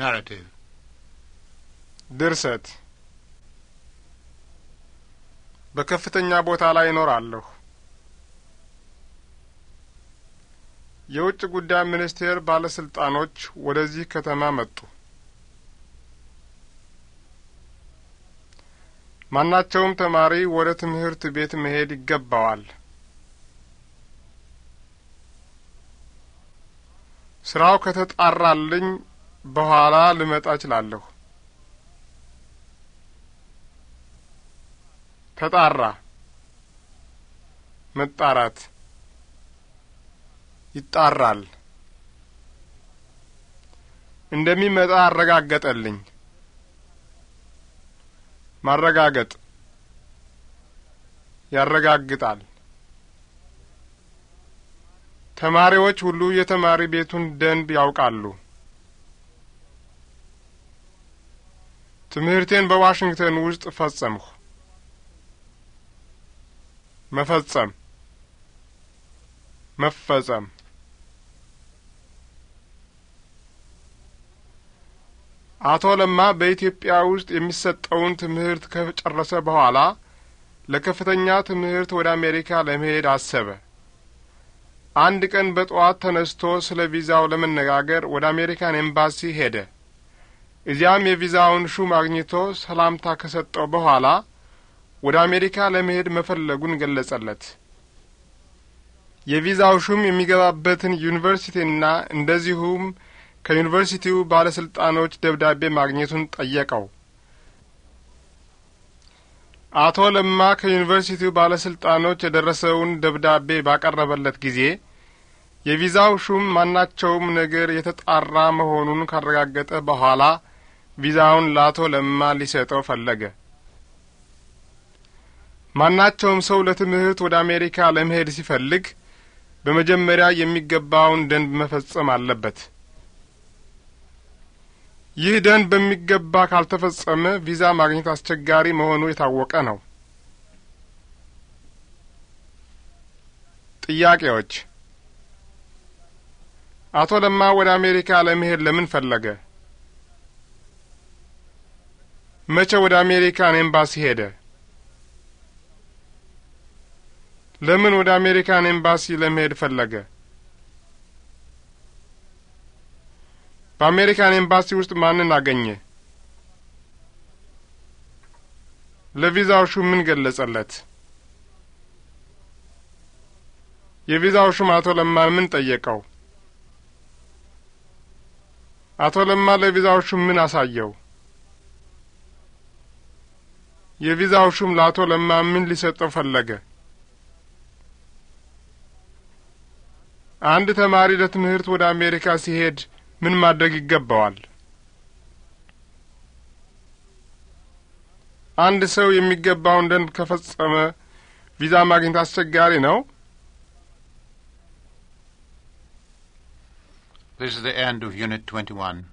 ናራቲቭ ድርሰት በከፍተኛ ቦታ ላይ ይኖራለሁ የውጭ ጉዳይ ሚኒስቴር ባለስልጣኖች ወደዚህ ከተማ መጡ። ማናቸውም ተማሪ ወደ ትምህርት ቤት መሄድ ይገባዋል። ስራው ከተጣራልኝ በኋላ ልመጣ እችላለሁ። ተጣራ መጣራት ይጣራል። እንደሚመጣ አረጋገጠልኝ። ማረጋገጥ ያረጋግጣል። ተማሪዎች ሁሉ የተማሪ ቤቱን ደንብ ያውቃሉ። ትምህርቴን በዋሽንግተን ውስጥ ፈጸምሁ። መፈጸም መፈጸም አቶ ለማ በኢትዮጵያ ውስጥ የሚሰጠውን ትምህርት ከጨረሰ በኋላ ለከፍተኛ ትምህርት ወደ አሜሪካ ለመሄድ አሰበ። አንድ ቀን በጠዋት ተነስቶ ስለ ቪዛው ለመነጋገር ወደ አሜሪካን ኤምባሲ ሄደ። እዚያም የቪዛውን ሹም አግኝቶ ሰላምታ ከሰጠው በኋላ ወደ አሜሪካ ለመሄድ መፈለጉን ገለጸለት። የቪዛው ሹም የሚገባበትን ዩኒቨርሲቲና እንደዚሁም ከዩኒቨርሲቲው ባለስልጣኖች ደብዳቤ ማግኘቱን ጠየቀው። አቶ ለማ ከዩኒቨርሲቲው ባለስልጣኖች የደረሰውን ደብዳቤ ባቀረበለት ጊዜ የቪዛው ሹም ማናቸውም ነገር የተጣራ መሆኑን ካረጋገጠ በኋላ ቪዛውን ለአቶ ለማ ሊሰጠው ፈለገ። ማናቸውም ሰው ለትምህርት ወደ አሜሪካ ለመሄድ ሲፈልግ በመጀመሪያ የሚገባውን ደንብ መፈጸም አለበት። ይህ ደንብ በሚገባ ካልተፈጸመ ቪዛ ማግኘት አስቸጋሪ መሆኑ የታወቀ ነው። ጥያቄዎች አቶ ለማ ወደ አሜሪካ ለመሄድ ለምን ፈለገ? መቼ ወደ አሜሪካን ኤምባሲ ሄደ? ለምን ወደ አሜሪካን ኤምባሲ ለመሄድ ፈለገ? በአሜሪካን ኤምባሲ ውስጥ ማንን አገኘ? ለቪዛው ሹም ምን ገለጸለት? የቪዛው ሹም አቶ ለማን ምን ጠየቀው? አቶ ለማ ለቪዛው ሹም ምን አሳየው? የቪዛው ሹም ለአቶ ለማ ምን ሊሰጠው ፈለገ? አንድ ተማሪ ለትምህርት ወደ አሜሪካ ሲሄድ ምን ማድረግ ይገባዋል? አንድ ሰው የሚገባውን ደንብ ከፈጸመ ቪዛ ማግኘት አስቸጋሪ ነው? This is the end of Unit 21.